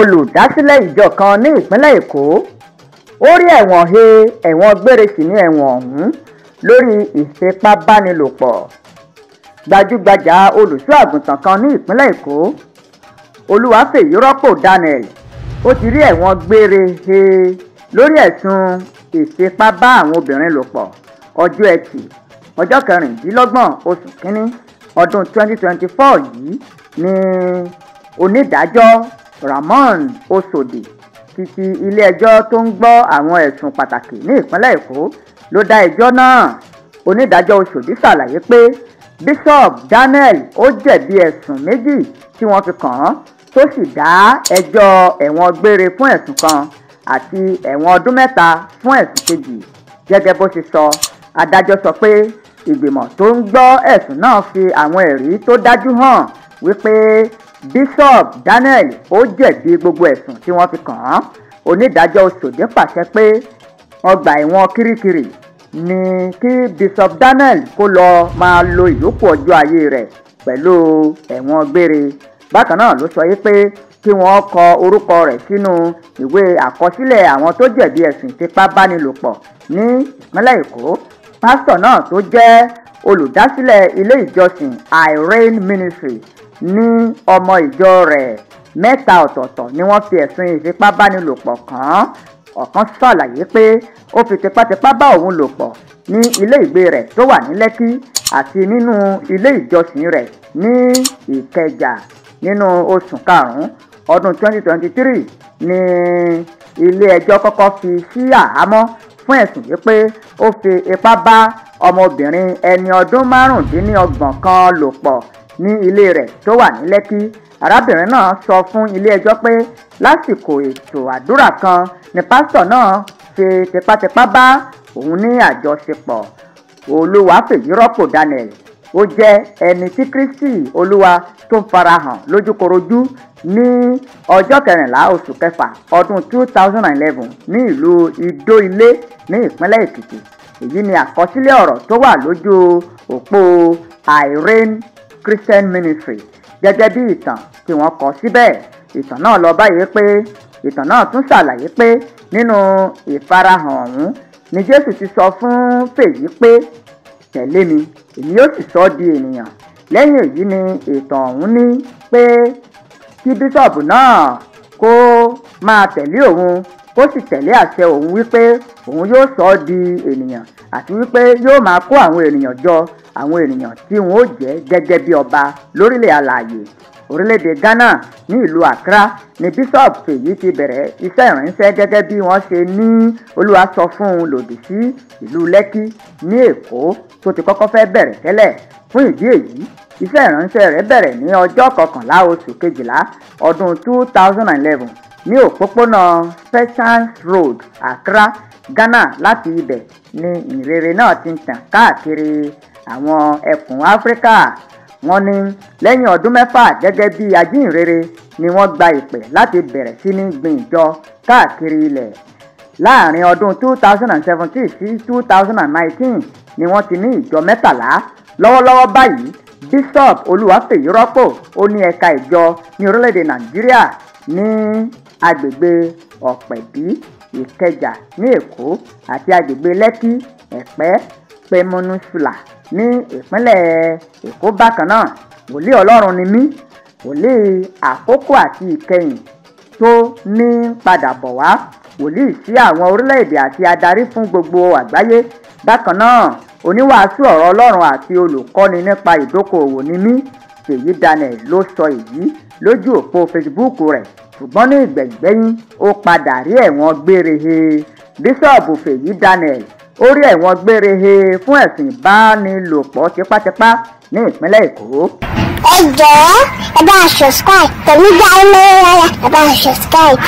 olùdásílẹ̀ ìjọ kan ní ìpínlẹ̀ èkó ó rí ẹ̀wọ̀n he ẹ̀wọ̀n gbére sí ní ẹ̀wọ̀n ọ̀hún lórí ìfipábánilòpọ̀ gbajúgbajà olùṣọ́ àgùntàn kan ní ìpínlẹ̀ èkó olúwàfẹ̀yì rọ́pò daniel ó ti rí ẹ̀wọ̀n gbére he lórí ẹ̀sùn ìfipá bá àwọn obìnrin lò pọ̀ ọjọ́ ẹtì ọjọ́ kẹrìndínlọ́gbọ̀n oṣù kínní ọdún 2024 yìí ni onídàájọ́ Rahmon Osodi ti ti ilé-ẹjọ́ tó ń gbọ́ àwọn ẹ̀sùn pàtàkì ní ìpínlẹ̀ Èkó ló dá ẹjọ́ náà onídàájọ́ Osodi ṣàlàyé pé Bishop Daniel ó jẹ̀bi ẹ̀sùn méjì tí wọ́n fi kàn án tó sì dá ẹjọ́ ẹ̀wọ̀n gbére fún ẹ̀sùn kan àti ẹ̀wọ̀n ọdún mẹ́ta fún ẹ̀sùn kejì gẹ́gẹ́ bó ṣe sọ adájọ́ sọ pé ìgbìmọ̀ tó ń gbọ́ ẹ̀sùn náà fi àwọn ẹ̀rí tó dájú hàn wípé bishop daniel ó jẹ̀bi gbogbo ẹ̀sùn tí wọ́n fi kàn án onídàájọ́ ọ̀ṣọ́dé pàṣẹ pé ọgbà ẹ̀wọ̀n kirikiri ni kí bishop daniel kó lọ máa lo ìyókù ọjọ́ ayé rẹ̀ pẹ̀lú ẹ̀wọ̀n gbére bákan náà ló sọ yí pé kí wọ́n kọ orúkọ rẹ̀ sínú ìwé àkọsílẹ̀ àwọn tó jẹ̀bi ẹ̀sùn ìfipábánilòpọ̀ ní ìpínlẹ̀ èkó pásítọ̀ náà tó jẹ́ olùdásílẹ̀ ilé ìjọsìn irene ministry ní ọmọ ìjọ rẹ̀ mẹ́ta ọ̀tọ̀ọ̀tọ̀ ni wọ́n fi ẹ̀sùn ìfipábánilòpọ̀ kàn án ọ̀kan ṣàlàyé pé ó fi tipátipá bá òun lò pọ̀ ní ilé ìgbé rẹ̀ tó wà ní lẹ́kí àti nínú ilé ìjọsìn rẹ̀ ní ìkẹjà nínú oṣù karùn-ún ọdún 2023 ni ilé ẹjọ́ kọ́kọ́ fi sí àhámọ́ fún ẹ̀sùn wípé ó fi ipá bá ọmọbìnrin ẹni ọdún márùndínlọ́gbọ̀n kan lò pọ̀ ní ilé rẹ̀ tó wà ní lẹ́kí arábìnrin náà sọ fún ilé-ẹjọ́ pé lásìkò ètò àdúrà kan ni pásítọ̀ náà ṣe tipátipá bá òun ní àjọṣepọ̀ olúwàfẹ̀yí rọ́pò daniel ó jẹ́ ẹni tí kristi olúwa tó ń farahàn lójúkorojú ní ọjọ́ kẹrìnlá oṣù kẹfà ọdún two thousand and eleven ní ìlú ìdó ilé ní ìpínlẹ̀ èkìtì èyí ni àkọsílẹ̀ ọ̀rọ̀ tó wà lójú òpó irene christian ministry gẹ́gẹ́ bí ìtàn tí wọ́n kọ síbẹ̀ ìtàn náà lọ báyìí pé ìtàn náà tún ṣàlàyé pé nínú ìfarahàn ọ̀hún ni jésù ti sọ fún fèyí pé tẹ̀lé mi èmi yóò sì sọ ọ́ di ènìyàn lẹ́yìn èyí ni ìtàn ọ̀hún ní pé kí bíṣọ̀bù náà kó máa tẹ̀lé òun ó sì tẹ̀lé àṣẹ òun wípé òun yóò sọ ọ́ di ènìyàn àti wípé yóò máa kó àwọn ènìyàn jọ àwọn ènìyàn tí wọn ó jẹ́ gẹ́gẹ́ bí ọba lórílẹ̀ alààyè orílẹ̀-èdè Ghana ní ìlú Accra ni bishop Fèyí ti bẹ̀rẹ̀ iṣẹ́ ìránṣẹ́ gẹ́gẹ́ bí wọ́n ṣe ní Olúwa sọ fún un lòdì sí ìlú Lẹ́kí ní Èkó tó ti kọ́kọ́ fẹ́ bẹ̀rẹ̀ tẹ́lẹ̀ fún ìdí èyí iṣẹ́ ìránṣẹ́ rẹ̀ bẹ̀rẹ̀ ní ọjọ́ kọkànlá oṣù kejìlá ọdún two thousand and eleven ní òpópónà specials road accra ghana láti ibẹ̀ ni ìrere náà ti ń tàn káàkiri àwọn ẹkùn áfíríkà wọ́n ní lẹ́yìn ọdún mẹ́fà gẹ́gẹ́ bí ajínrere ni wọ́n gba ìpè láti bẹ̀rẹ̀ sí ní gbin ìjọ káàkiri ilẹ̀ láàrin ọdún 2017 sí 2019 ni wọ́n ti ní ìjọ mẹ́tàlá lọ́wọ́lọ́wọ́ báyìí bishop olùwàfẹ̀yìrọ́pọ̀ ó ní ẹ̀ka ìjọ ní orílẹ̀-èdè nàìjíríà ní agbègbè ọ̀pẹ̀bí ìkẹjà ní èkó àti agbègbè lẹ́kì ẹ̀pẹ́ peninsula ní ìpínlẹ̀ èkó bákan náà wòlíì ọlọ́run ni mí wòlíì àkókò àti ìkẹyìn tó ní padà bọ̀ wá wòlíì sí àwọn orílẹ̀-èdè àti adarí fún gbogbo àgbáyé bákan náà oníwàásù ọ̀rọ̀ ọlọ́run àti olùkọ́ni nípa ìdókòòwò ni mí Ṣèyí Daniel ló sọ èyí lójú òpó Facebook rẹ̀ ṣùgbọ́n ní ìgbẹ̀gbẹ́yìn ó padà rí ẹ̀wọ̀n gbére he bíṣọ̀bù fèyí daniel ó rí ẹ̀wọ̀n gbére he fún ẹ̀sùn ìbánilòpọ̀ tipátipá ní ìpínlẹ̀ èkó. ẹ jọ̀ọ́ ẹ bá a subscribe pẹ̀lú dáhùn mẹ́rin rárá ẹ bá a subscribe.